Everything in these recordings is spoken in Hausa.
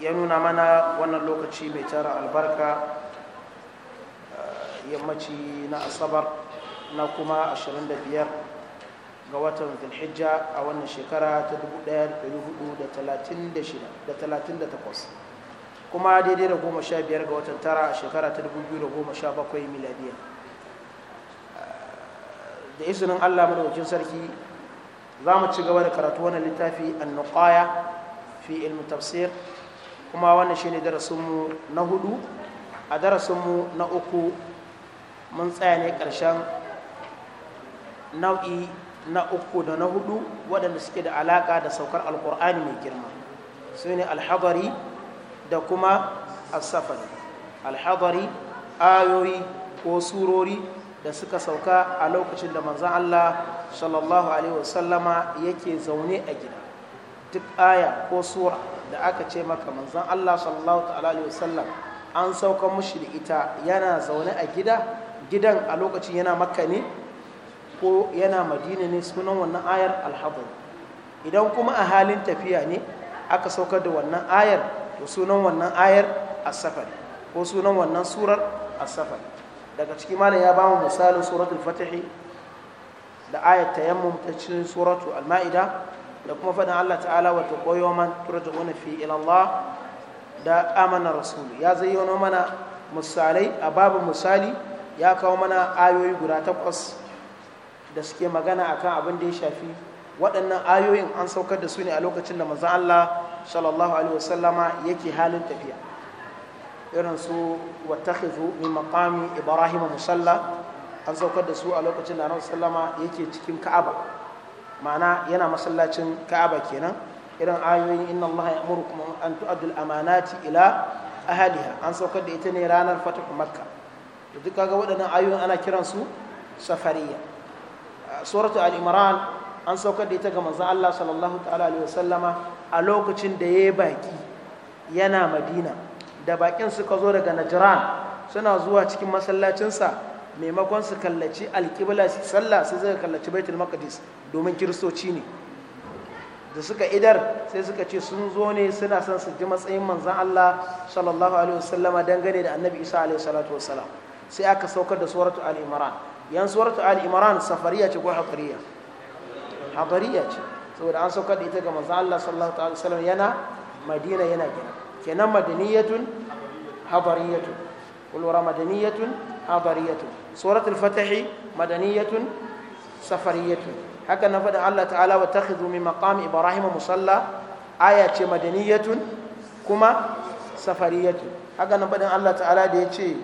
ya nuna mana wannan lokaci mai tara albarka eh, yammaci na asabar na kuma 25 ga watan zulhijja a wannan shekara ta 1438 kuma daidai da biyar ga watan tara a shekara ta 2017 miladiya eh, da izinin allah madaukakin sarki za mu ci gaba da karatu wani littafi annuqaya fi ilmi tafsir kuma wannan ne darasinmu na hudu a darasinmu na uku mun tsaya ne ƙarshen nau'i na uku da na hudu waɗanda suke da alaƙa da saukar alƙur'ani mai girma su ne alhabari da kuma asafari alhabari ayoyi ko surori da suka sauka a lokacin da manzan Allah sallallahu alaihi wasallama yake zaune a gida duk aya ko sura da aka ce maka manzon Allah sallallahu alaihi wasallam an sauka mushi da ita yana zaune a gida gidan a lokacin yana makka ne ko yana madina ne sunan wannan ayar alhabar idan kuma a halin tafiya ne aka saukar da wannan ayar to sunan wannan ayar a safar ko sunan wannan surar safar. daga ciki malam ya bamu misalin suratul fatihi da ayat tayammum ta cikin suratu al-ma'ida da kuma faɗin Allah ta'ala wata koyo man wani fi ilallah da amana rasulu ya zayyano mana misalai a babu misali ya kawo mana ayoyi guda takwas da suke magana akan abin da ya shafi waɗannan ayoyin an saukar da su ne a lokacin da manzon Allah sallallahu alaihi wasallama yake halin tafiya irin su wattakhidhu min maqami ibrahim musalla an saukar da su a lokacin da annabi sallama yake cikin ka'aba ma'ana yana masallacin ka'aba kenan irin ayoyin inna Allah ya amuru kuma an tu'addu amanati ila ahliha an saukar da ita ne ranar fatahu makka to duk kaga waɗannan ayoyin ana kiran su safariya suratu al-imran an saukar da ita ga manzon Allah sallallahu ta'ala alaihi wasallama a lokacin da yayi baki yana Madina da bakin suka zo daga Najran suna zuwa cikin masallacinsa maimakon su kallaci alƙibla su sallah sai suka kallaci baitul maqdis domin kiristoci ne da suka idar sai suka ce sun zo ne suna son su ji matsayin manzon Allah sallallahu alaihi wasallama dangane da annabi Isa alaihi salatu wassalam sai aka saukar da suratu al-imran yan suratu al-imran safariya ce ko hadariya hadariya ce saboda an saukar da ita ga manzon Allah sallallahu alaihi wasallam yana Madina yana gina kenan madaniyatun hadariyatun kullu ramadaniyatun hadariyatu suratul fatahi madaniyatun safariyatun haka na faɗin Allah ta'ala wa takhidhu min maqam ibrahim musalla aya ce madaniyatun kuma safariyatun haka na faɗin Allah ta'ala da ya ce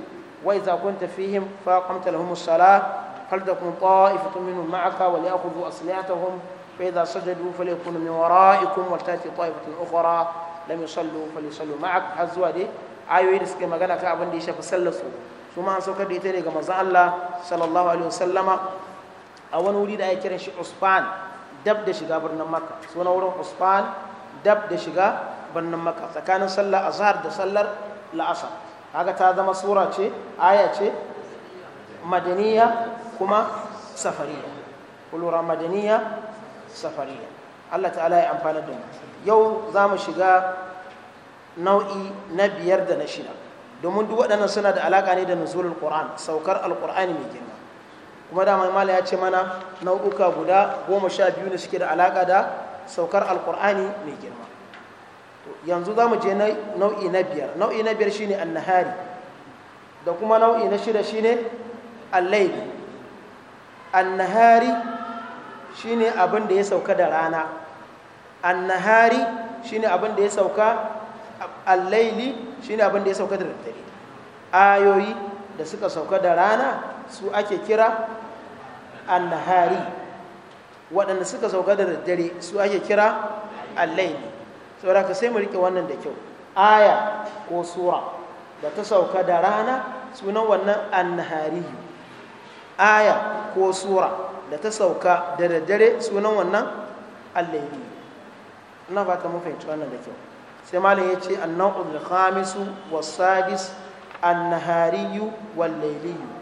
wa idza kunta fihim fa aqamta lahumus salah فلتكن wa منهم معك وليأخذوا أسلحتهم فإذا سجدوا فليكونوا من ورائكم ولتأتي طائفة أخرى لم يصلوا فليصلوا معك هزوا دي ayoyi da suke magana kan abin da ya shafi sallar su kuma an saukar da ita daga manzon Allah sallallahu alaihi wasallama a wani wuri da ake kiran shi Usfan dab da shiga birnin Makka sunan wurin Usfan dab da shiga birnin Makka tsakanin sallar azhar da sallar la'asar haka ta zama sura ce aya ce madaniya kuma safariya kulura madaniya safariya Allah ta'ala ya amfana da mu yau za mu shiga nau'i na biyar da na shida domin duk waɗannan suna da alaƙa ne da nuzulul qur'an saukar alqur'ani mai girma kuma da mai mala ya ce mana nau'uka guda goma sha biyu ne suke da alaƙa da saukar alqur'ani mai girma yanzu za mu je nau'i na biyar nau'i na biyar shine annahari da kuma nau'i na shida shine allaili annahari shine abin da ya sauka da rana annahari shine abin da ya sauka al-laili shine abin da ya sauka da daddare ayoyi da suka sauka da rana su ake kira annahari waɗanda suka sauka da daddare su ake kira al-laili ka sai mu rike wannan da kyau aya ko sura da ta sauka da rana sunan wannan annahari aya ko sura da ta sauka da daddare sunan wannan al-laili ba fata mafi fahimci wannan da kyau sai malam ya ce annau'ul khamisu wasadis annahariyu wallailiyu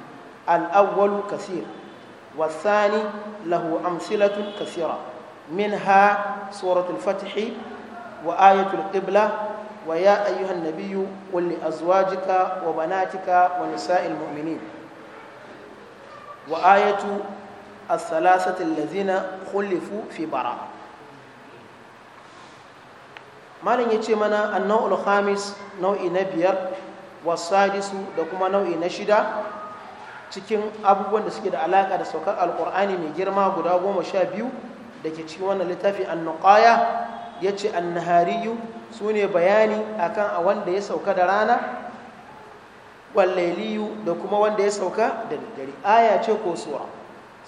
والثاني له أمثلة كثيرة منها سورة الفتح وآية القبلة ويا أيها النبي قل لأزواجك وبناتك ونساء المؤمنين وآية الثلاثة الذين خلفوا في براءة malam ya ce mana annan khamis nau'i na biyar wasadisu da kuma nau'i na shida cikin abubuwan da suke da alaƙa da saukar alkur'ani mai girma guda goma sha biyu da ke cikin wannan littafi annuqaya ya ce annahariyu su ne bayani akan a wanda ya sauka da rana wallailiyu da kuma wanda ya sauka da daddare aya ce ko suwa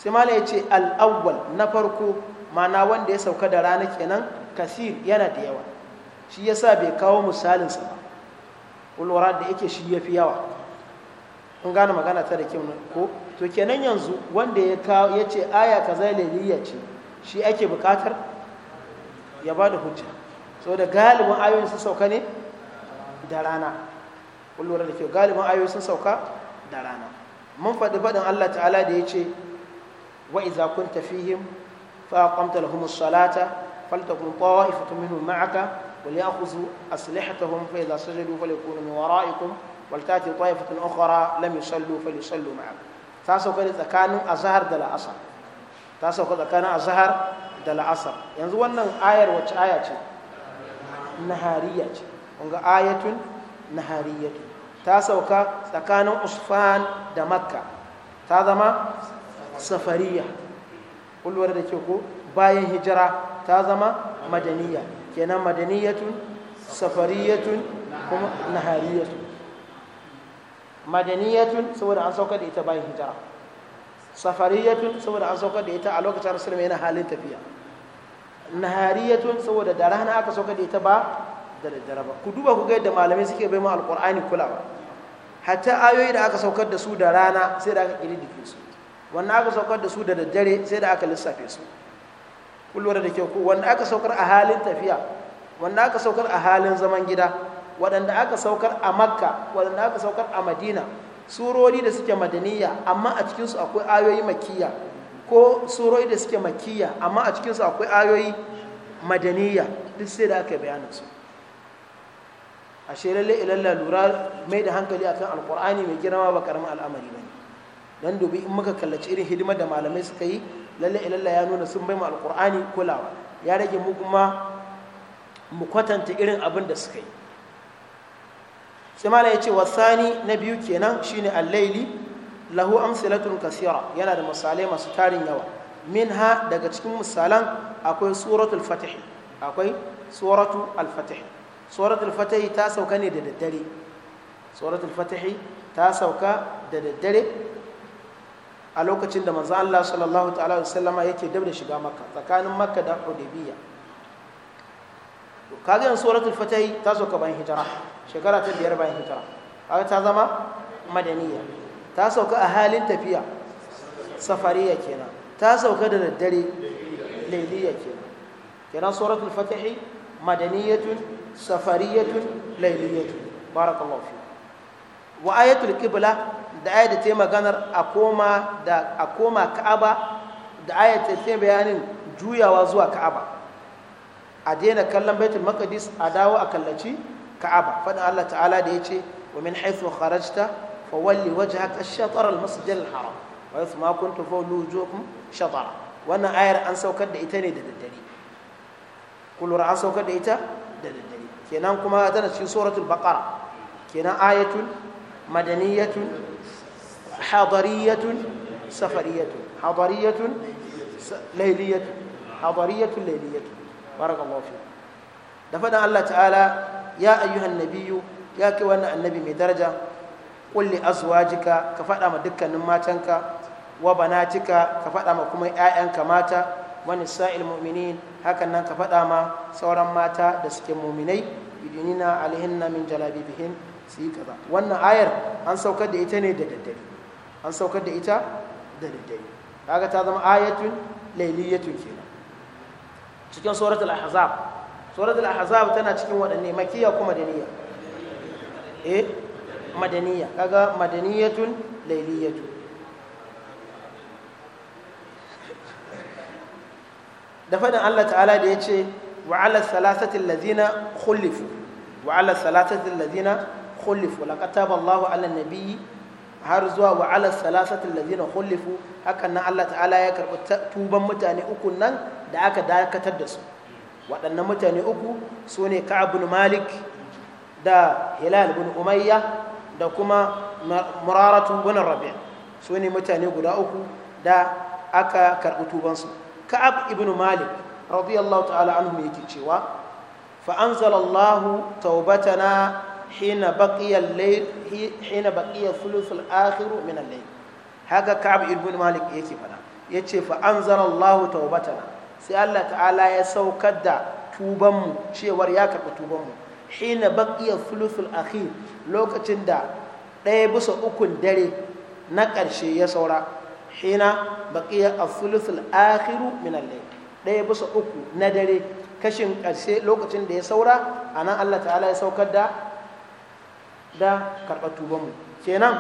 sai mana ya ce al'awwal na farko mana wanda ya sauka da rana kenan kasir yana da yawa shi ya sa bai kawo misalinsa ba ulwara da yake shi ya fi yawa kun gane magana ta da kyau ko to kenan yanzu wanda ya kawo ya ce aya kaza laliya ce shi ake bukatar ya ba da hujja da galibin ayoyi sun sauka ne da rana ulwara da kyau galibin ayoyi sun sauka da rana mun faɗi faɗin Allah ta'ala da ya ce wa iza kunta fihim fa aqamta lahumus salata faltakun ta'ifatun minhum ma'aka وليأخذوا أسلحتهم فإذا سجدوا فليكونوا من ورائكم ولتأتي طائفة أخرى لم يصلوا فليصلوا معكم ta sauka da tsakanin azahar da ta sauka tsakanin azahar da la'asar yanzu wannan ayar wacce aya ce nahariya ce kunga ayatun nahariyatu ta sauka tsakanin usfan da makka ta zama safariya kulwar da ke ko bayan hijira ta zama madaniya kenan madaniyatun safariyatun kuma nahariyatun madaniyatun saboda an saukar da ita bayan hijira safariyatun saboda an saukar da ita a lokacin rasulun yana halin tafiya nahariyatun saboda da rana aka saukar da ita ba da daddare ba ku duba ku ga yadda malamai suke bai mu Alƙur'ani kula ba hatta ayoyi da aka saukar da su da rana sai da aka kididdige su wannan aka saukar da su da daddare sai da aka lissafe su kun da kyau wanda aka saukar a halin tafiya wanda aka saukar a halin zaman gida waɗanda aka saukar a makka waɗanda aka saukar a madina surori da suke madaniya amma a cikinsu akwai ayoyi makiya ko surori da suke makiya amma a cikinsu akwai ayoyi madaniya duk sai da aka bayanin su a lalle ilalla lura mai da hankali akan alkur'ani mai girma ba karamin al'amari ba ne don dubi in muka kallaci irin hidimar da malamai suka yi lalle ilalla ya nuna sun bai mu alkur'ani kulawa ya rage mu kuma mu kwatanta irin abin da suka yi sai ya ce wasani na biyu kenan shine al lahu amsalatun kasira yana da misalai masu tarin yawa minha daga cikin misalan akwai suratul fatih akwai suratu al-fatih suratul fatih ta sauka ne da daddare suratul fatih ta sauka da daddare a lokacin da manzo Allah sallallahu ta'ala wasallama yake dab da shiga makka tsakanin makka da hudaybiya Ka ga yanzu suratul fatahi ta sauka bayan hijira shekara ta biyar bayan hijira kaga ta zama madaniya ta sauka a halin tafiya safariya kenan ta sauka da daddare lailiya kenan kenan suratul fatahi madaniyatun safariyatun lailiyatun barakallahu fiik wa ayatul qibla da ayat da ta maganar a koma da a koma ka'aba da ayat bayanin juyawa zuwa ka'aba a daina kallon baitul maqdis a dawo a kallaci ka'aba fadin Allah ta'ala da yace wa min haythu kharajta fawalli wajhaka ash-shatr al-masjid al-haram wa yasma kuntum fawlu wujuhakum shatara wannan ayar an saukar da ita ne da daddare kullura an saukar da ita da daddare kenan kuma tana cikin suratul baqara kenan ayatul مدنية حضرية سفرية حضرية ليلية حضرية ليلية بارك الله فيك دفنا الله تعالى يا أيها النبي يا كوان النبي من درجة قل لأزواجك كفأنا مدكا نماتنك وبناتك كفأنا مكما آيانك ماتا ونساء المؤمنين هكذا كفأنا ما سورا ماتا دسك مؤمني بديننا عليهن من جلابيبهن su yi kaza wannan ayar an saukar da ita ne da daddare an saukar da ita da daddare kaga ta zama ayatun lailiyatun kenan cikin suratul ahzab suratul ahzab tana cikin waɗanne makiyya kuma madaniya eh madaniya kaga madaniyatun lailiyatun da faɗin Allah ta'ala da ya ce wa'ala salatatin ladina, khulifu wa'ala salatatin ladina. khulifu laqad taballahu ala nabiyyi har zuwa wa ala salasatin lazina khulifu hakan nan Allah ta'ala ya karɓi tuban mutane uku nan da aka dakatar da su waɗannan mutane uku su ne ka'ab malik da hilal bin umayya da kuma muraratu bin rabi su ne mutane guda uku da aka karɓi tubansu ka'ab ibn malik radiyallahu ta'ala anhu yake cewa fa anzalallahu taubatana hina baqiya al-layl hina baqiya thuluth al-akhir min al-layl haka ka'ab ibn malik yake fada yace fa anzara Allah tawbatana sai Allah ta'ala ya saukar da tuban mu cewar ya karɓi tuban mu hina baqiya thuluth al-akhir lokacin da ɗaya bisa ukun dare na ƙarshe ya saura hina baqiya al-thuluth al-akhir min al-layl ɗaya bisa uku na dare kashin ƙarshe lokacin da ya saura anan Allah ta'ala ya saukar da da karɓar tubanmu kenan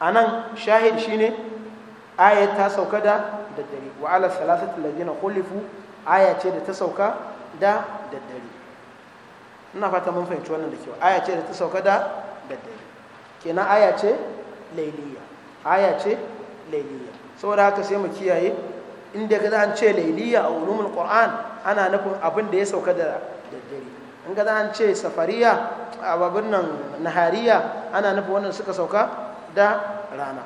a nan shahid ne. ayat ta sauka da daddare wa ala salasatu ladina khulifu aya ce da ta sauka da daddare ina fata mun fahimci wannan da kyau aya ce da ta sauka da daddare kenan aya ce lailiya aya ce lailiya saboda haka sai mu kiyaye inda ka an ce lailiya a ulumul qur'an ana nufin abin da ya sauka da daddare in ga an ce safariya a babin nan nahariya ana nufi wannan suka sauka da rana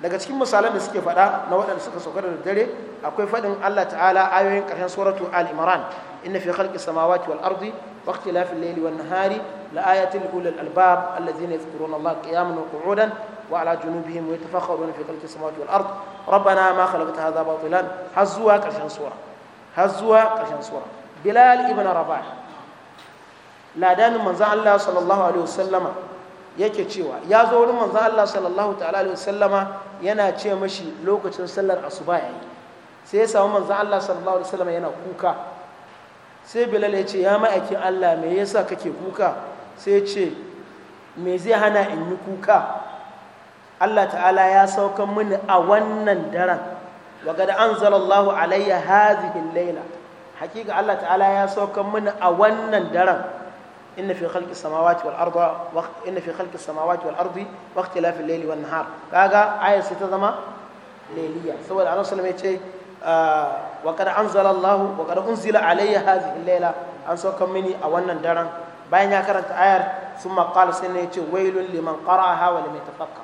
daga cikin misalan da suke faɗa na waɗanda suka sauka da dare akwai faɗin Allah ta'ala ayoyin ƙarshen suratu al-imran inna fi khalqis samawati wal ardi wa ikhtilafil layli wan nahari la ayatin li ulil albab alladhina yadhkuruna Allah qiyaman wa qu'udan wa ala junubihim wa yatafakkaruna fi khalqis samawati wal ard rabbana ma khalaqta hadha batilan har zuwa ƙarshen sura har zuwa ƙarshen sura bilal ibn rabah ladanin manzan Allah sallallahu alaihi wasallama yake cewa ya zo wurin manzan Allah sallallahu ta'ala alaihi wasallama yana ce mashi lokacin sallar asuba yayi sai ya samu manzan Allah sallallahu alaihi wasallama yana kuka sai bilal ya ce ya ma'aikin Allah me yasa kake kuka sai ya ce me zai hana in yi kuka Allah ta'ala ya saukan mini a wannan daren wa gada anzalallahu alayya hadhihi al-laila hakika Allah ta'ala ya saukan mini a wannan daren ان في خلق السماوات والارض وقت ان في خلق السماوات والارض واختلاف الليل والنهار كاغا ايه ستزما kaga صلى sai ta zama انزل الله وقد انزل هذه ya ce wa qad anzala wannan daran bayan ya karanta ayar sun qala sai ne ya ce liman qara'aha wa tafakka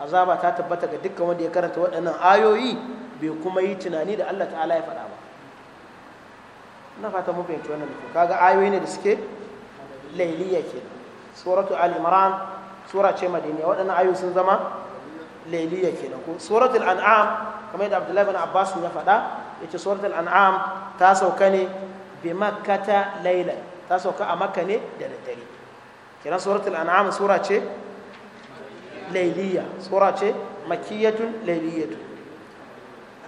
azaba ta tabbata ga dukkan wanda ya karanta waɗannan ayoyi bai kuma yi tunani da Allah ta'ala ya faɗa ba na fata mu fahimci wannan kaga ayoyi ne da suke lailiya ke suratu al-imran sura ce madaniya waɗannan ayoyi sun zama lailiya kenan ko suratul an'am kamar yadda abdullahi bin abbas ya faɗa yace suratul an'am ta sauka ne bi makkata laylan ta sauka a makka ne da daddare kiran suratul an'am sura ce lailiya sura ce makkiyatun lailiyatun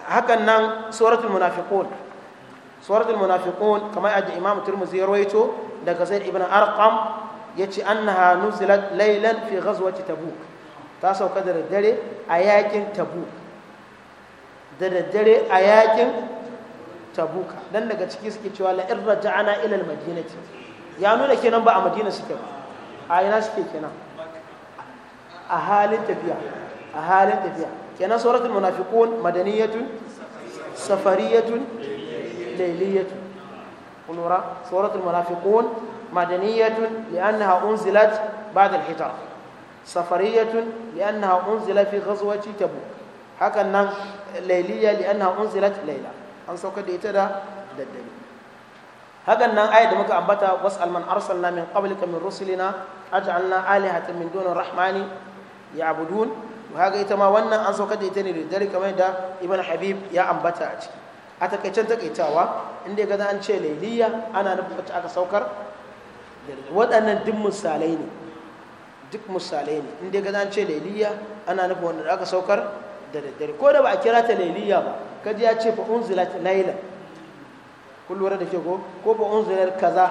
hakan nan suratul munafiqun suratul munafiqun kamar yadda imam turmuzi ya rawaito daga zaid ibn arqam yace annaha nuzilat laylan fi ghazwati tabuk ta sauka da daddare a yakin tabuk da daddare a yakin tabuka dan daga ciki suke cewa la in raja'ana ila al-madinati ya nuna kenan ba a madina suke a ina suke kenan a halin tafiya a halin tafiya kenan ليلية قلورا سورة المنافقون مدنية لأنها أنزلت بعد الحجرة سفرية لأنها في غزوة تبوك هكذا ليلية لأنها أنزلت ليلة أن سوكت da muka ambata wasal man arsalna min qablika min rusulina aj'alna alihatan min dunir rahmani ya'budun haga ita wannan an saukar da ita kamar da habib ya ciki a takaicen takaitawa inda gada an ce lailiya ana nufin wacce aka saukar waɗannan duk misalai ne duk misalai ne inda gada an ce lailiya ana nufin wanda aka saukar da daddare ko da ba a kira ta lailiya ba kaji ya ce fa unzilat laila kullum da ke ko ko fa unzilat kaza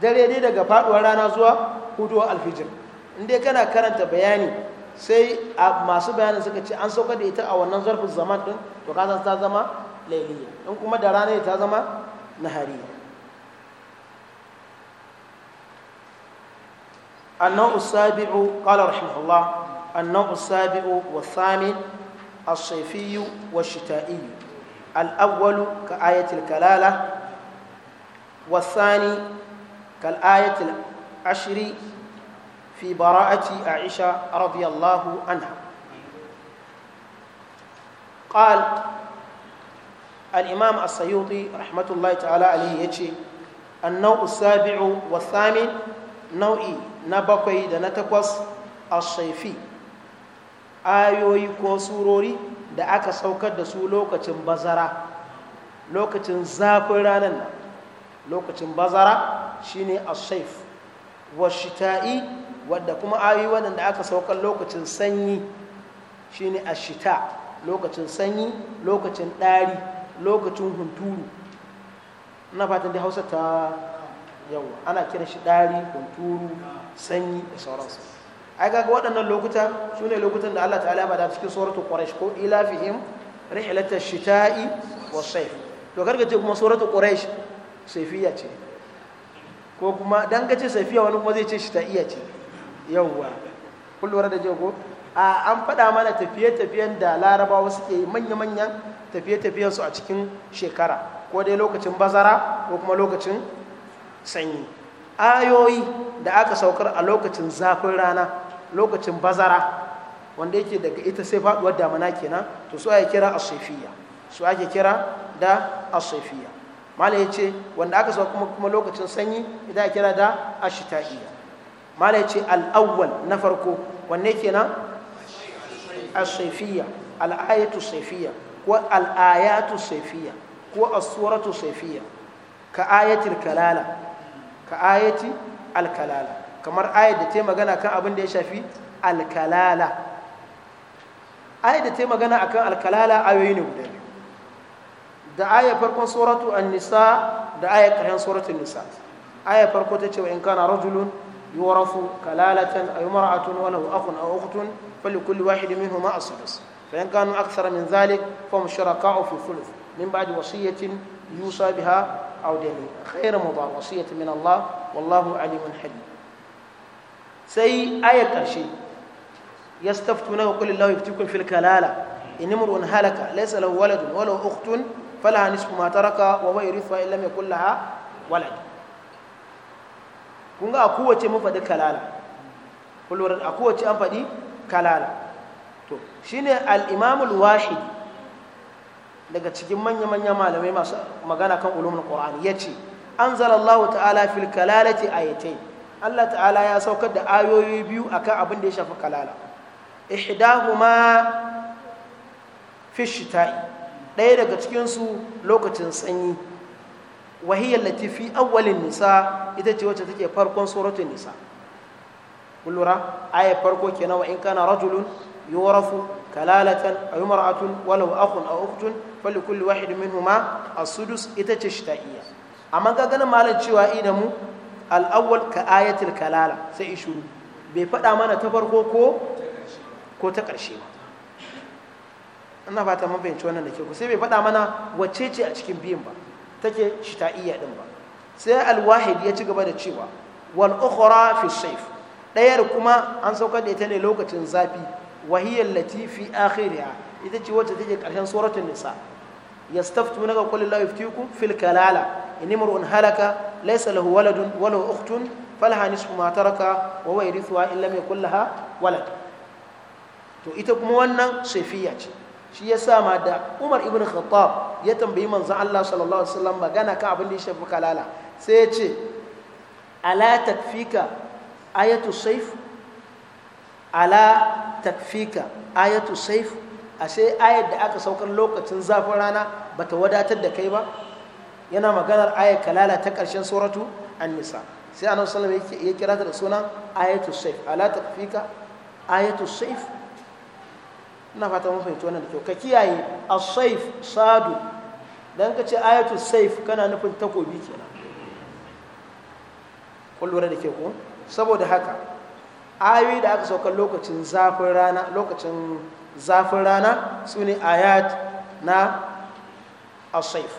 dare dai daga faduwar rana zuwa huduwar alfijir inda kana karanta bayani sai masu bayanin suka ce an saukar da ita a wannan zarfin zaman din to kasan ta zama lailiya in kuma da rana ta zama nahariya النوع السابع قال رحمه الله النوع السابع والثامن الصيفي والشتائي الأول كآية الكلالة والثاني كالآية العشر في براءة عائشة رضي الله عنها قال al-imam as rahmatullahi ta'ala alayhi ya ce. nawu sabiu wa nau'i na bakwai da na takwas asaifi. sayfi ayoyi ko surori da aka saukar da su lokacin bazara lokacin zafin ranar nan lokacin bazara shine as wa shita'i wadda kuma ayoyi waɗanda aka saukar lokacin sanyi shine ashita lokacin sanyi lokacin ɗari lokacin hunturu na fatan da hausa ta yawa ana kiran shi ɗari hunturu sanyi da sauransu ai kaga waɗannan lokuta su ne lokutan da Allah ta'ala ya da cikin suratul quraish ko ila fihim rihlatash shita'i wasayf to kar ce kuma suratul quraish sayfiya ce ko kuma dan ka ce sayfiya wani kuma zai ce shita'iya ce yawa kun lura da jego a an faɗa mana tafiye-tafiyen da larabawa suke manya-manyan tafiye-tafiyensu a cikin shekara ko dai lokacin bazara ko kuma lokacin sanyi ayoyi da aka saukar a lokacin zafin rana lokacin bazara wanda yake daga ita sai faduwar damana kenan to su ake kira asifiyya su ake kira da asifiyya mala ya ce wanda aka saukar kuma, kuma lokacin sanyi ita ake kira da ashita'iyya mala ya ce al'awwal na farko wanne kenan asifiyya al'ayatu sifiyya ko al'ayatu saifiya ko as-suratu saifiya ka ayatil kalala ka ayati al kamar ayat da ta magana kan abin da ya shafi al-kalala ayat da ta magana akan al ayoyi ne guda biyu da ayat farkon suratu an-nisa da ayat ƙarshen suratu nisa ayat farko ta ce wa in kana rajulun yuwarafu kalalatan ay mar'atun wa lahu akhun aw ukhtun falikulli wahidin minhum ma as فإن كانوا أكثر من ذلك فهم شركاء في الثلث من بعد وصية يوصى بها أو دين خير مضى وصية من الله والله عليم حليم سي آية كرشي يستفتونه قل الله يفتيكم في الكلالة إن امرؤ هلك ليس له ولد ولا أخت فلها نصف ما ترك وهو يرثها إن لم يكن لها ولد kun أقوة a كلالة كل أقوة kalala kullum to shi ne al'imamul washi daga cikin manya-manya malamai masu magana kan ya ce an anzalallahu ta'ala fil kalalati ayatayn Allah ta'ala ya saukar da ayoyi biyu a kan abin da ya shafi kalala ihdahuma fishitai ɗaya daga cikinsu lokacin sanyi wahiyar latifi awwalin nisa ita ce wacce take farkon suratun nisa kullura aya farko kenan wa in kana rajulun يورث كلالة أو امرأة ولو أخ أو أخت فلكل واحد منهما السدس إذا تشتائية أما كان مالا تشوى إدمو الأول كآية الكلالة سيشورو بفتا مانا تفرقو كو كو تقرشي ina fata mun fahimci wannan da ke ku sai bai faɗa mana wacce ce a cikin biyun ba take shita'iyya ɗin ba sai alwahidi ya ci gaba da cewa wal ukhra fi sayf kuma an saukar da ita ne lokacin zafi wahiyar latifi akhiriya ita ce wacce take karshen suratun nisa yastaftunaka qul la yuftikum fil kalala in halaka laysa waladun wa lahu ukhtun falaha nisfu wa huwa yarithuha in lam yakul laha walad to ita kuma wannan safiya ce shi ya sa ma da Umar ibn Khattab ya tambayi manzon Allah sallallahu alaihi wasallam magana kan abin da ya shafi kalala sai ya ce ala takfika ayatu saif. ala takfika ayatu saif ashe ayat da aka saukar lokacin zafin rana bata wadatar da kai ba yana maganar ayat kalala ta ƙarshen suratu an-nisa sai annabi sallallahu alaihi ya kira ta da sunan ayatu saif ala takfika ayatu saif ina fata mun fahimci wannan da kyau ka kiyaye as-saif sadu dan ka ce ayatu saif kana nufin takobi kenan kun da ke ko saboda haka ayoyi da aka saukar lokacin zafin rana lokacin zafin rana su ne ayat na asaif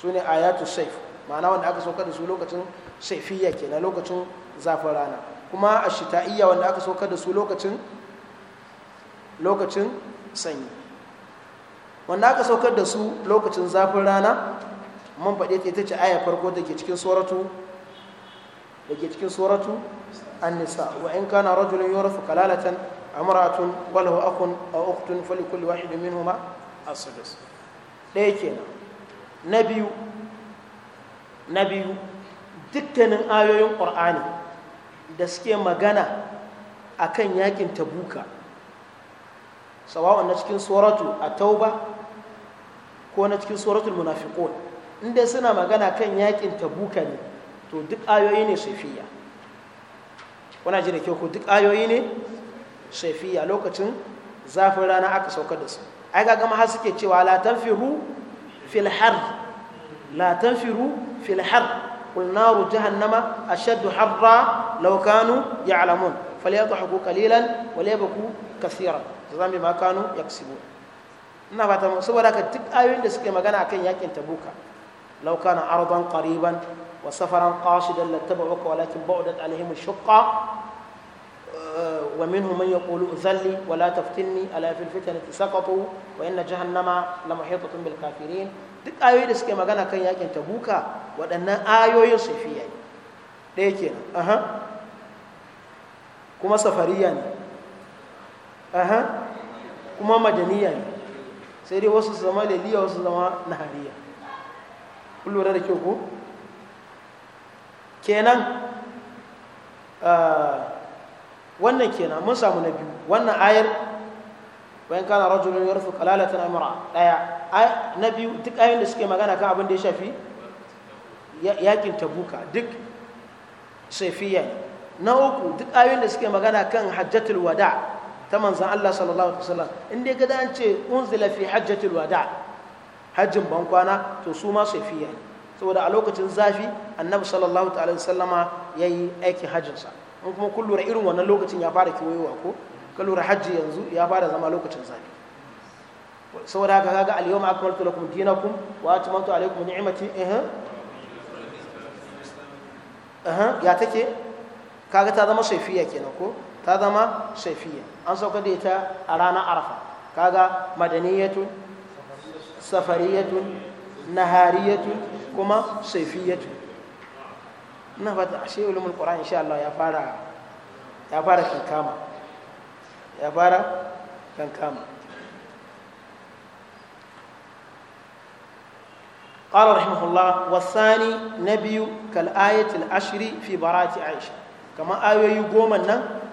su ne ayatu saif ma'ana wanda aka saukar da su lokacin saifiyya ke na lokacin zafin rana kuma a shita'iyya wanda aka saukar da su lokacin lokacin sanyi wanda aka saukar da su lokacin zafin rana man faɗe ta ita ce aya farko da ke cikin tsoratu Dake cikin suratu an-nisa wa in kana rajulun yurafu kalalatan amratun walahu akun aw ukhtun kulli wahidin minhuma as-sudus ɗaya kenan na biyu dukkanin ayoyin ƙur'ani da suke magana akan yakin tabuka sawa'un na cikin suratu a tauba ko na cikin suratul munafiqun inda suna magana kan yakin tabuka ne to duk ayoyi ne saifiya wana ji da kyau ko duk ayoyi ne saifiya lokacin zafin rana aka saukar da su ai ga gama har suke cewa la tanfiru fil har la tanfiru fil har قل نار جهنم أشد حرا لو كانوا يعلمون فليضحكوا قليلا وليبكوا كثيرا جزاء بما كانوا يكسبون saboda ka duk ayoyin da suke magana akan yakin tabuka law arban kariban. وسفرا قاصدا لاتبعوك ولكن بعدت عليهم الشقة ومنهم من يقول ائذن لي ولا تفتني ألا في الفتنة سقطوا وإن جهنم لمحيطة بالكافرين duk ayoyi da suke magana kan yakin tabuka waɗannan ayoyin sufiya ne ɗaya kenan aha kuma safariya ne aha kuma madaniya ne sai dai wasu zama laliya wasu zama nahariya kun lura da kyau ko kenan eh, wannan kenan mun samu na biyu wannan ayar bayan kana rajulun yarfu qalalatan amra daya na biyu duk ayoyin da suke magana kan abin da ya shafi yakin tabuka duk saifiya ne na uku duk ayoyin da suke magana kan hajjatul wada ta manzan Allah sallallahu alaihi wasallam in dai gada an ce unzila fi hajjatul wada hajjin bankwana to su ma saifiya ne saboda a lokacin zafi annabi sallallahu ta'ala sallama ya yi aikin hajjinsa in kuma kun lura irin wannan lokacin ya fara kewayowa ko ka lura hajji yanzu ya fara zama lokacin zafi saboda haka kaga al-yawma akmaltu lakum dinakum wa atmamtu alaykum ni'mati eh eh, eh ya take kaga ta zama shafiya kenan ko ta zama shafiya. an sauka da ita a ranar arafa kaga madaniyatun safariyatun nahariyatu kuma saifiyatu ina fata ashe ulumul qur'an insha Allah ya fara ya fara kankama ya fara kankama قال رحمه الله والثاني نبي كالآية العشر في براءة عائشة كما آية يقوم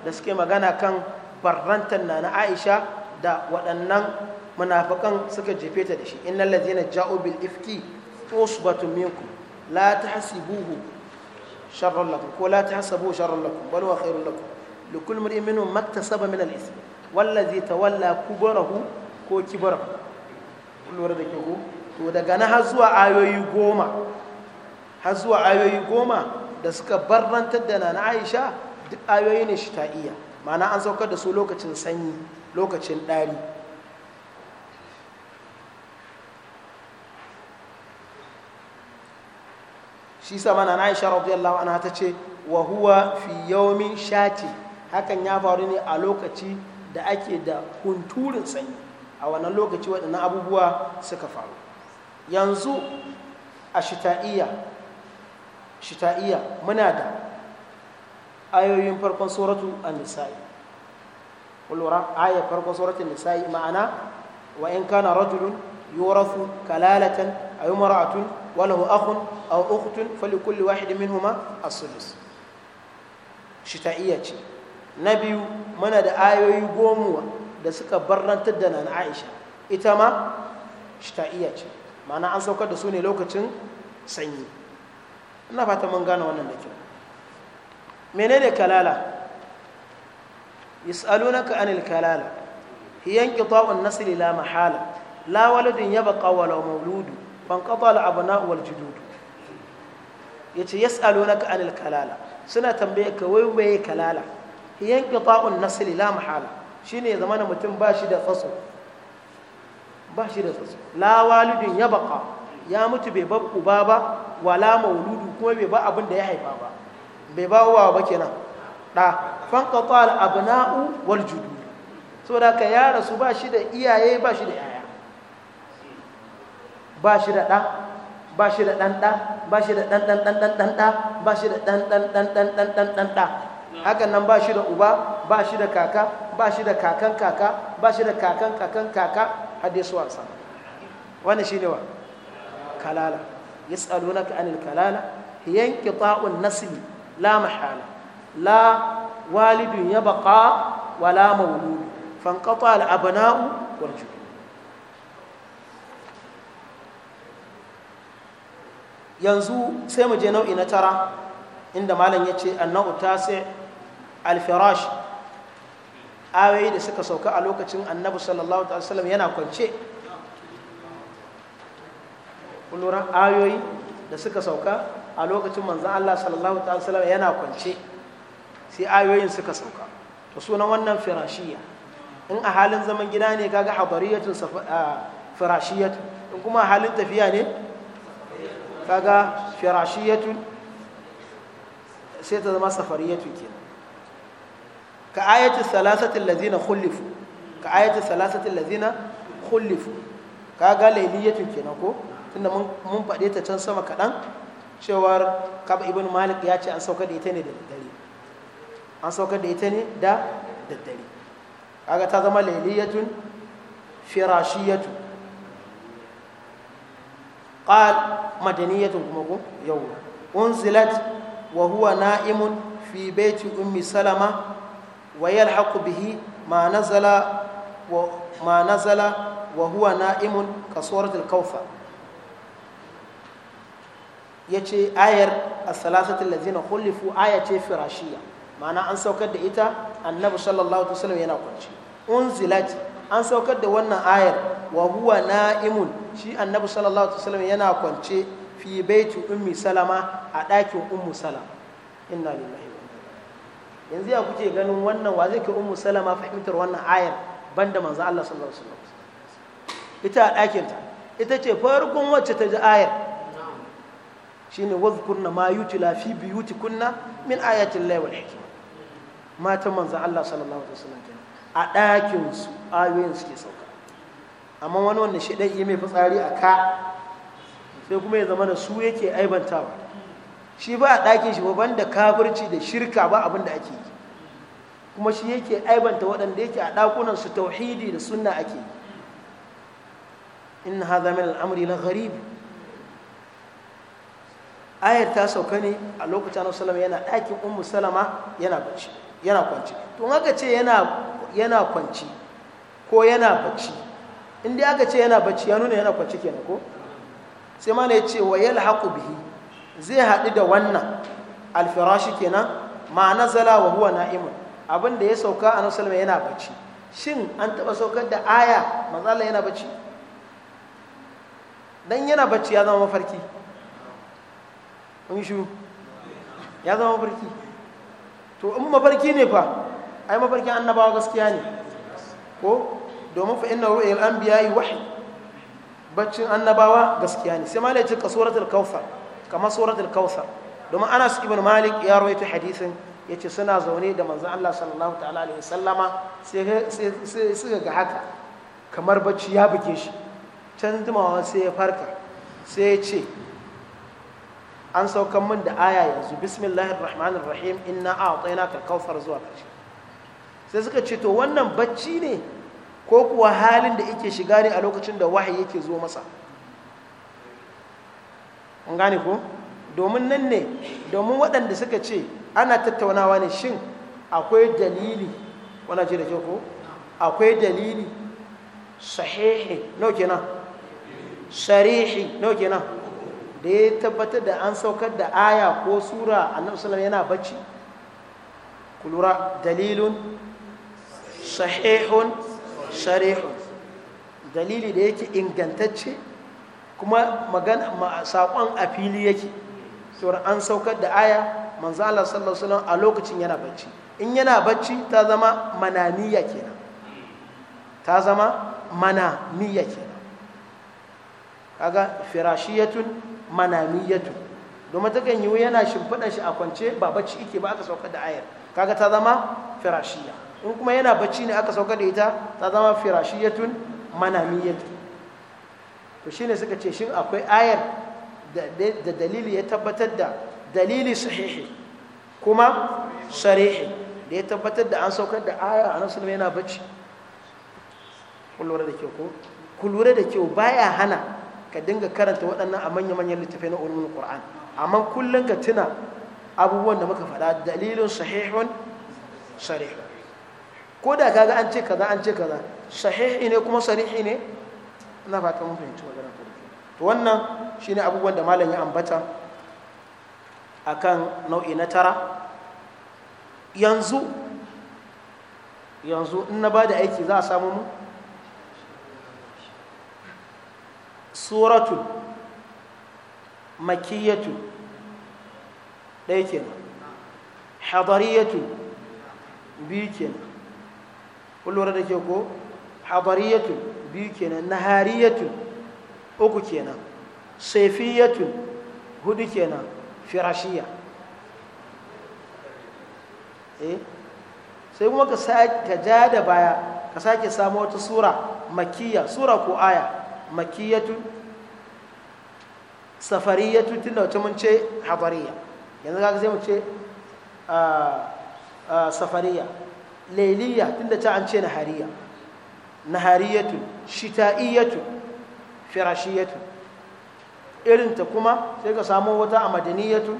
da suke magana kan barrantar na na aisha da waɗannan munafikan suka jefe ta da shi innal ladzina ja'u bil ifki usbatun minkum la tahsibuhu sharran lakum ko la tahsabuhu sharran lakum bal huwa khairun lakum likul mar'in minhum maktasaba min al ism wallazi tawalla kubarahu ko kibarahu lura da ke ko to daga na har zuwa ayoyi goma har zuwa ayoyi goma da suka barrantar da na Aisha duk ayoyi ne shi ta iya ma'ana an saukar da su lokacin sanyi lokacin ɗari shi yi mana Aisha radiyallahu anha ta ce wa huwa fi yawmin shati hakan ya faru ne a lokaci da ake da hunturin sanyi a wannan lokaci waɗannan abubuwa suka faru yanzu a shita'iyya muna da ayoyin farkon suratu an-nisa'i kullura aya farkon suratu an-nisa'i ma'ana wa in kana rajulun yurathu kalalatan aw imra'atun walahu akhun aw ukhtun falikulli wahidin minhuma as-sudus shita'iyya ce na biyu muna da ayoyi goma da suka barrantar da nan Aisha ita ma shita'iyya ce ma'ana an saukar da su ne lokacin sanyi ina fata mun gane wannan da kyau menene kalala yas'alunaka anil kalala hiya inqita'un nasl la la waladun yabqa walau mawludun fanqata ya ce ya tsalo na ka anil kalala suna tambaye ka wai waye kalala yanqita'un nasli la mahala shine ya na mutum ba shi da tsaso ba shi da tsaso la walidin ya baka ya mutu bai ba uba ba wala mauludu kuma bai ba abin da ya haifa ba bai ba uwa ba kenan da fanqata al abna'u wal judud saboda ka yara su ba shi da iyaye ba shi da yaya ba shi da ɗa ba shi da ɗan ɗa ba shi da ɗan ɗan ɗan ɗan ɗan ɗa ba shi da ɗan ɗan ɗan ɗan ɗan ɗan ɗan ɗa hakan nan ba shi da uba ba shi da kaka ba shi da kakan kaka ba shi da kakan kakan kaka har dai su wasa shi ne wa kalala yas'alunaka anil kalala yanqita'un nasli la mahala la walidun yabqa wa la mawlud fanqata al abna'u wal yanzu sai mu je nau'i na tara inda malam ya ce annau sai alfirash ayoyi da suka sauka a lokacin annabi sallallahu alaihi wasallam yana kwance kullura ayoyi da suka sauka a lokacin manzan Allah sallallahu alaihi wasallam yana kwance sai ayoyin suka sauka to sunan wannan firashiya in a halin zaman gida ne kaga habariyatun firashiyatu in kuma halin tafiya ne kaga firashiyatun sai ta zama safariyatun ke ka ayatu salasatin lazina khullifu ka ayatu salasatin lazina khullifu kaga lailiyatun kenan ko tunda mun faɗe ta can sama kaɗan cewar kaba ibn malik ya ce an sauka da ita ne da daddare an sauka da ita ne da daddare kaga ta zama lailiyatun firashiyatun قال مدنية كمكو يوم أنزلت وهو نائم في بيت أم سلمة ويلحق به ما نزل وما نزل وهو نائم كصورة الكوثر yace ayar as allazina khulifu aya ce firashiya ma'ana an saukar da ita annabi sallallahu alaihi wasallam yana kwance unzilat an saukar da wannan ayar wa huwa na'imun shi annabi sallallahu alaihi wasallam yana kwance fi baiti ummi salama a ɗakin ummu salama inna lillahi wa inna yanzu ya kuke ganin wannan wa zai ke ummu salama fahimtar wannan ayar banda manzo Allah sallallahu alaihi wasallam ita a ɗakin ta ita ce farkon wacce ta ji ayar shine wazkurna ma yutila fi biyutikunna min ayatin lahi wal hikma matan manzo Allah sallallahu alaihi wasallam a ɗakin su ayoyin suke sauka amma wani wanda shi ɗan iya mai fitsari a ka sai kuma ya zama da su yake aibantawa shi ba a ɗakin shi ba da kafirci da shirka ba abin da ake yi kuma shi yake aibanta waɗanda yake a ɗakunan su tauhidi da sunna ake yi in hadha min al'amri na gharib ayar ta sauka ne a lokacin annabi salama yana ɗakin ummu salama yana bacci yana kwanci to in aka ce yana kwanci ko yana bacci Inda aka ce yana bacci ya nuna yana kwance kenan ko sai ma ya ce wa yalhaqu bihi zai haɗu da wannan alfirashi kenan ma nazala wa huwa na'imun abin da ya sauka a nasalar yana bacci shin an taɓa saukar da aya matsala yana bacci dan yana bacci ya zama mafarki in ya zama mafarki to in mafarki ne fa ai mafarkin annabawa gaskiya ne ko domin fa inna ru'yal anbiya'i wahyi baccin annabawa gaskiya ne sai malai ce ka suratul kautsar kamar suratul kautsar domin Anas ibn Malik ya rawaito hadisin yace suna zaune da manzon Allah sallallahu ta'ala alaihi sallama sai suka ga haka kamar bacci ya buke shi can jimawa sai ya farka sai ya ce an saukan min da aya yanzu bismillahir rahmanir rahim inna a'tainaka al zuwa ƙarshe sai suka ce to wannan bacci ne ko kuwa halin da yake shiga ne a lokacin da wahayi yake zo masa an gane ko domin nan ne domin waɗanda suka ce ana tattaunawa ne shin akwai dalili wana ce da ko akwai dalili sahihi nau kenan sarihi nau nan? da ya tabbatar da an saukar da aya ko sura annabi sunan yana bacci kulura dalilun sahihun sharihun dalili da yake ingantacce kuma magana saƙon a fili yake to an saukar da aya manzo Allah sallallahu alaihi wasallam a lokacin yana bacci in yana bacci ta zama mananiya kenan ta zama mananiya kenan kaga firashiyatun mananiyatun domin ta kan yiwu yana shimfiɗa shi a kwance ba bacci yake ba aka saukar da ayar kaga ta zama firashiyatun in kuma yana bacci ne aka sauka da ita ta zama firashiyatun manamiyatu to shi ne suka ce shin akwai ayar da dalili ya tabbatar da dalili sahihi kuma sarihi da ya tabbatar da an saukar da ayar a nasu yana bacci kulura da kyau ko da kyau baya hana ka dinga karanta waɗannan a manya-manyan littafai na ulumul ƙoran amma kullum ka tuna abubuwan da muka faɗa dalilin sahihun sarihun ko da kaga an ce kaza an ce kaza sahihi ne kuma sarihi ne ina fata mun fahimci magana ta to wannan shine abubuwan da malam ya ambata akan nau'i na tara yanzu yanzu in na bada aiki za a samu mu suratul makiyatu ɗaya kenan hadariyatu biyu kullum da ke ko habariyatu biyu kenan nahariyatu uku kenan saifiyatu hudu kenan firashiya eh sai kuma ka ja da baya ka sake samu wata sura makiya sura ko aya makiyatun tun tunda wata mun ce hadariya yanzu kaga sai mu ce ah, ah, safariya tun tunda ta an ce nahariya nahariyatu shita'iyatu firashiyatu irinta kuma sai ka samu wata a madaniyatu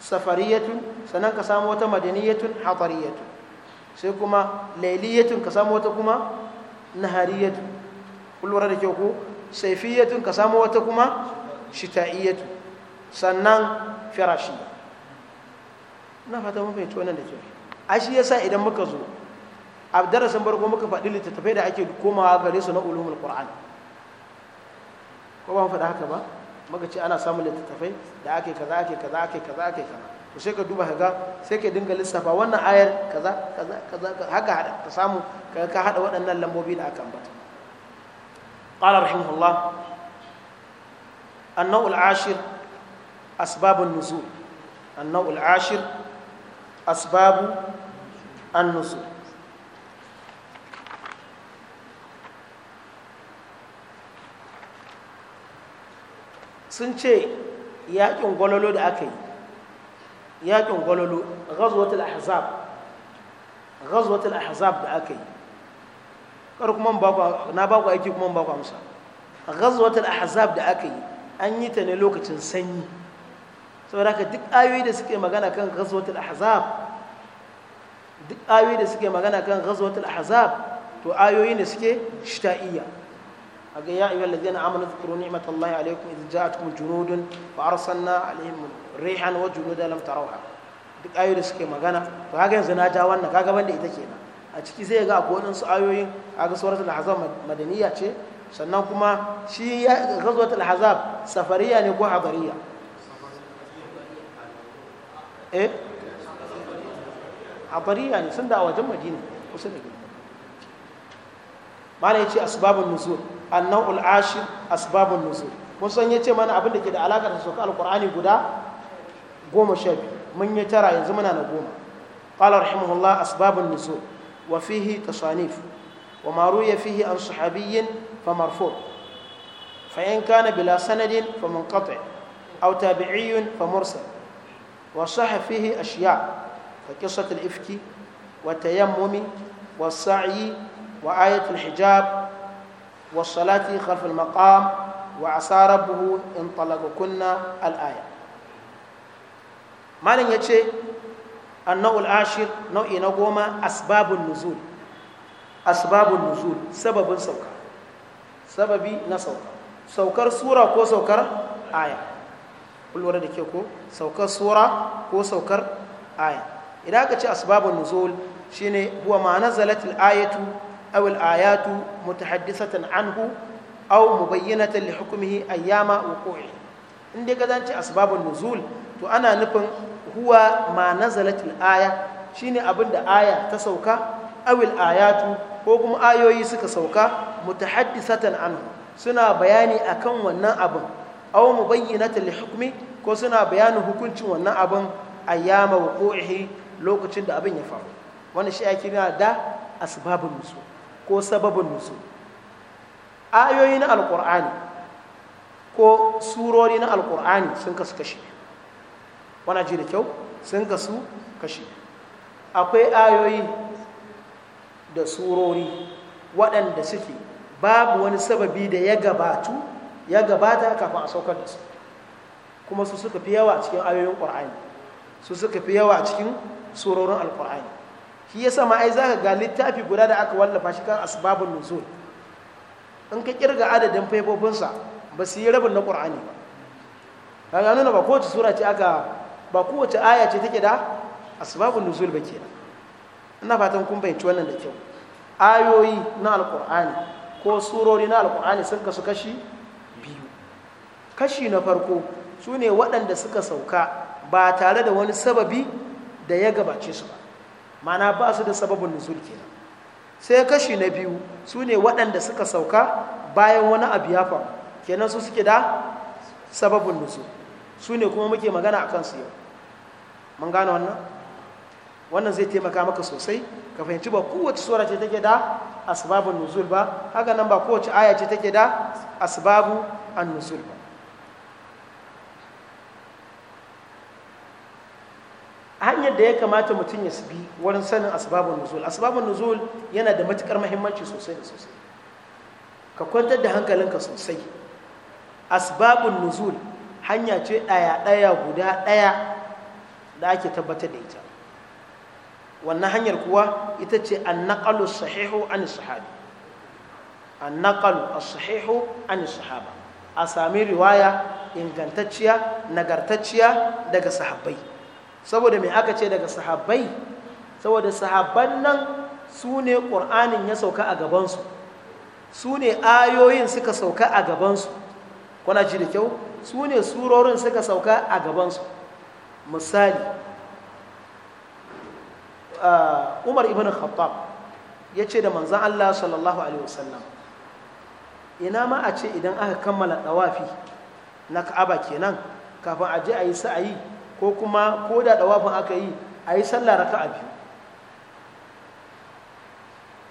safariyatu sannan ka samu wata madaniyatu hatariyatu sai kuma lailiyatun ka samu wata kuma nahariyatu kullura da kyau ko saifiyatun ka samu wata kuma shita'iyatu sannan firashi. na fata mun tonan da kyau ashi yasa idan muka zo a darasin farko muka faɗi littattafai da ake komawa gare su na ulumul qur'an ko ba mu faɗi haka ba muka ce ana samun littattafai da ake kaza ake kaza ake kaza ake kaza to sai ka duba kaga sai ka dinga lissafa wannan ayar kaza kaza kaza haka ka samu kaga ka hada waɗannan lambobi da aka ambata qala rahimahullah النوع العاشر أسباب النزول النوع العاشر asbabu. annusu sun ce yakin gwalolo da aka yi yakin gwalolo ghazwatul ahzab ghazwatul ahzab da aka yi kar kuma na ba ku aiki kuma ba ku amsa ghazwatul ahzab da aka yi an yi ta ne lokacin sanyi saboda haka duk ayoyi da suke magana kan ghazwatul ahzab duk ayoyi da suke magana kan ghazwatul ahzab to ayoyi ne suke shita'iyya aga ya ayyuhal ladzina amanu dhkuru ni'matallahi alaykum idh ja'atkum junudun fa arsalna alaihim rihan wa junudan lam tarawha duk ayoyi da suke magana to kaga yanzu na ja wannan kaga banda ita kenan a ciki zai ga akwai wadansu ayoyin kaga suratul ahzab madaniya ce sannan kuma shi ghazwatul ahzab safariya ne ko hadariya eh hadariya ne sun da wajen madina kusa da gari mala yace asibabin nuzul Annan ashir asibabin nuzul mun san yace mana abin da ke da alaka da sauka alqur'ani guda goma sha biyu mun yi tara yanzu muna na goma qala rahimahullah asibabin nuzul wa fihi tasanif wa ma fihi an sahabiyyin fa marfu fa in kana bila sanadin fa Au aw tabi'iyyun fa mursal wa sahafihi fihi ashiya' كقصة الإفك والتيمم والسعي وآية الحجاب والصلاة خلف المقام وعسى ربه إن طلقكن الآية ما لن يتشي النوع العاشر نوع نقوم أسباب النزول أسباب النزول سبب سوكا سببي نسوكا سوكر سورة كو سوكر آية قل ورد كيكو سوكر سورة كو سوكر آية idan aka ce asbabun nuzul shine huwa ma nazalat ayatu aw ayatu mutahaddisatan anhu aw mubayyinatan li hukmihi ayyama wuqu'i in dai kadan nuzul to ana nufin huwa ma aya shine abinda aya ta sauka awil ayatu ko kuma ayoyi suka sauka mutahaddisatan anhu suna bayani akan wannan abin aw mubayyinatan li hukmi ko suna bayanin hukuncin wannan abin ayyama wuqu'ihi lokacin da abin ya faru wani shi ake kira da asbabun nusu ko sababin nusu ayoyi na alkur'ani ko surori na alkur'ani sun kasu kashi wana ji da kyau sun kasu kashi akwai ayoyi da surori waɗanda suke babu wani sababi da ya gabatu ya gabata kafin a saukar da su kuma su suka fi yawa cikin ayoyin ƙwar'ani su suka fi yawa a cikin surorin alkur'ani shi yasa ma ai zaka ga littafi guda da aka wallafa shi kan asbabun nuzul in ka kirga adadin faifofinsa ba su yi rabin na qur'ani ba ga nuna ba kowace sura ce aka ba kowace aya ce take da asbabun nuzul ba kenan ina fatan kun bayyace wannan da kyau ayoyi na alkur'ani ko surori na alkur'ani sun kasu kashi biyu kashi na farko su ne waɗanda suka sauka ba tare da wani sababi da ya gabace su ba mana ba su da sababin nuzul kenan sai kashi na biyu su ne waɗanda suka sauka bayan wani abu ya faru kenan su suke da sababin nuzul su ne kuma muke magana a kansu yau mun gane wannan wannan zai taimaka maka sosai ka fahimci ba kowace tsora ce take da asbabun nuzul ba haka nan ba kowace aya ce take da asbabu an nuzul ba hanyar da ya kamata mutum ya bi wurin sanin asibabin nuzul asibabin nuzul yana da matukar mahimmanci sosai da sosai ka kwantar da hankalinka sosai asibabin nuzul hanya ce ɗaya ɗaya guda ɗaya da ake tabbatar da ita wannan hanyar kuwa ita ce naƙalu sahihu an sahabi sahihu an sahaba a sami riwaya ingantacciya nagartacciya daga sahabbai saboda mai aka ce daga sahabbai saboda sahabban nan su ne ƙur'anin ya sauka a gabansu su ne ayoyin suka sauka a gabansu kuna ji da kyau su ne surorin suka sauka a gabansu misali umar ibn khattab ya ce da manzan allah sallallahu alaihi wasallam ina ma a ce idan aka kammala ɗawafi na ka'aba kenan kafin a je a yi sa'ayi ko kuma ko da dawafin aka yi a yi sallah ka a biyu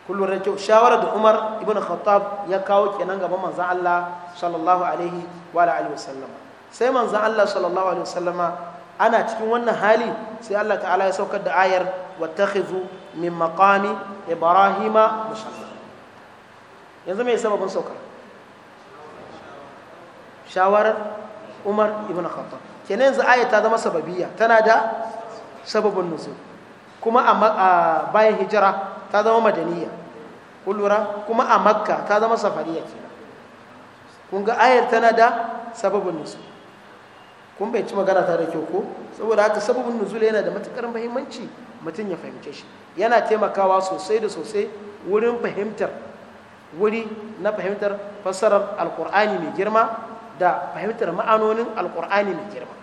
kullum da kyau shawarar da umar ibn khattab ya kawo kenan gaban manzan allah sallallahu alaihi wa alihi wasallam sai manzan allah sallallahu alaihi wa wasallama ana cikin wannan hali sai Allah ta'ala ya saukar da ayar wattakhidhu min maqami ibrahima musalla yanzu me sababin saukar shawarar Umar ibn Khattab kenan yanzu aya ta zama sababiyya tana da sababin nuzul kuma a bayan hijira ta zama madaniya kullura kuma a makka ta zama safariya kenan kun ga ayar tana da sababin nuzul kun bai ci magana ta da kyau ko saboda haka sababin nuzul yana da matukar mahimmanci? mutum ya fahimce shi yana taimakawa sosai da sosai wurin fahimtar wuri na fahimtar fassarar alkur'ani mai girma da fahimtar ma'anonin alkur'ani mai girma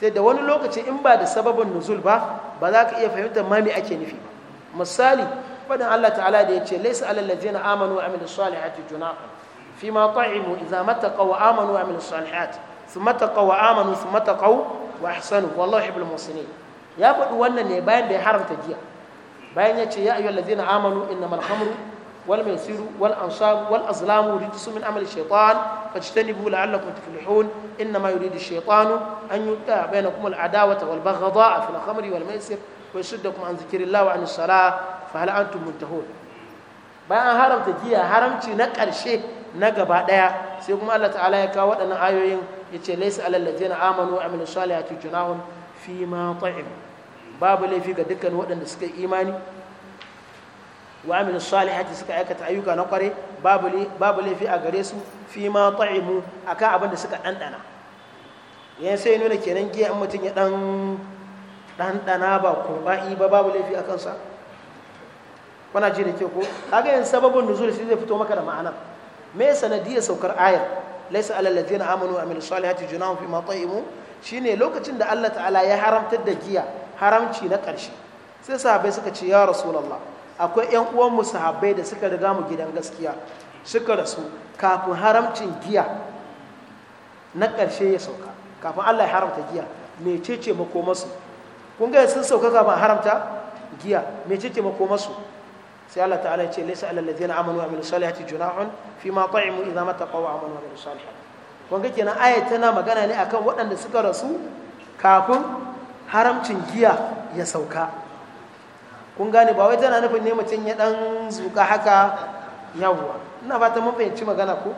ta da wani lokaci in ba da sababin nuzul ba ba za ka iya fahimtar ma me ake nufi ba misali fadin Allah ta'ala da ya ce laisa alal ladzina amanu wa amilus salihati junahun fi ma ta'imu idza mattaqaw wa amanu wa amilus salihati thumma taqaw wa amanu thumma taqaw wa ahsanu wallahu yuhibbul muhsinin ya faɗi wannan ne bayan da ya haramta giya bayan ya ce ya ayyuhal ladzina amanu innamal khamru wal mansiru wal ansab wal azlamu rijsu min amali shaytan fajtanibu la'allakum tuflihun inna ma yuridu shaytanu an yuqa bainakum al adawata wal baghdha fi al khamri wal maisir wa yasuddakum an dhikrillah wa an salah fa hal antum muntahun bayan haramta giya haramci na ƙarshe na gaba daya sai kuma Allah ta'ala ya kawo waɗannan ayoyin ya ce alal ladina amanu wa amilus salihati junahun fi ma ta'im babu laifi ga dukkan waɗanda suka yi imani wa amilu salihati suka aikata ayyuka na kware babu laifi a gare su fi ma ta'imu akan abin da suka ɗanɗana yan sai nuna kenan giya an mutum ya ɗan ɗanɗana ba kurba'i ba babu laifi a kansa Kuna ji da ke ko kaga yin sababin nuzul sai zai fito maka da ma'anar me sanadiyar saukar ayar laisa alal ladina amanu wa amilu salihati junahum fi ma ta'imu shine lokacin da Allah ta'ala ya haramtar da giya haramci na ƙarshe sai sahabai suka ce ya rasulallah. akwai 'yan uwanmu sahabbai da suka riga mu gidan gaskiya suka rasu kafin haramcin giya na ƙarshe ya sauka kafin allah ya haramta giya mecece makomasu kun ga sun sauka kafin haramta giya mecece makomasu sai allah ta'ala ya ce laisa alal ladina amanu wa amilus salihati junahun fi ma ta'imu idza ma taqaw amanu wa amilus salihati kun ga kenan ayat tana magana ne akan waɗanda suka rasu kafin haramcin giya ya sauka kun gane ba wai tana nufin ne mutum ya dan zuka haka yawwa ina fata mun fahimci magana ko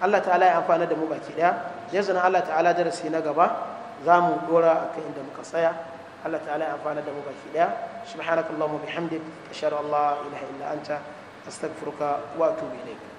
Allah ta'ala ya amfana da mu baki daya ya sanar Allah ta'ala darasi na gaba za mu dora akan inda muka tsaya Allah ta'ala ya amfana da mu baki daya subhanakallahumma bihamdik ashhadu an la ilaha illa anta astaghfiruka wa atubu ilayk